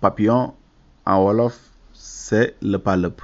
papillon en wolof c'est le palop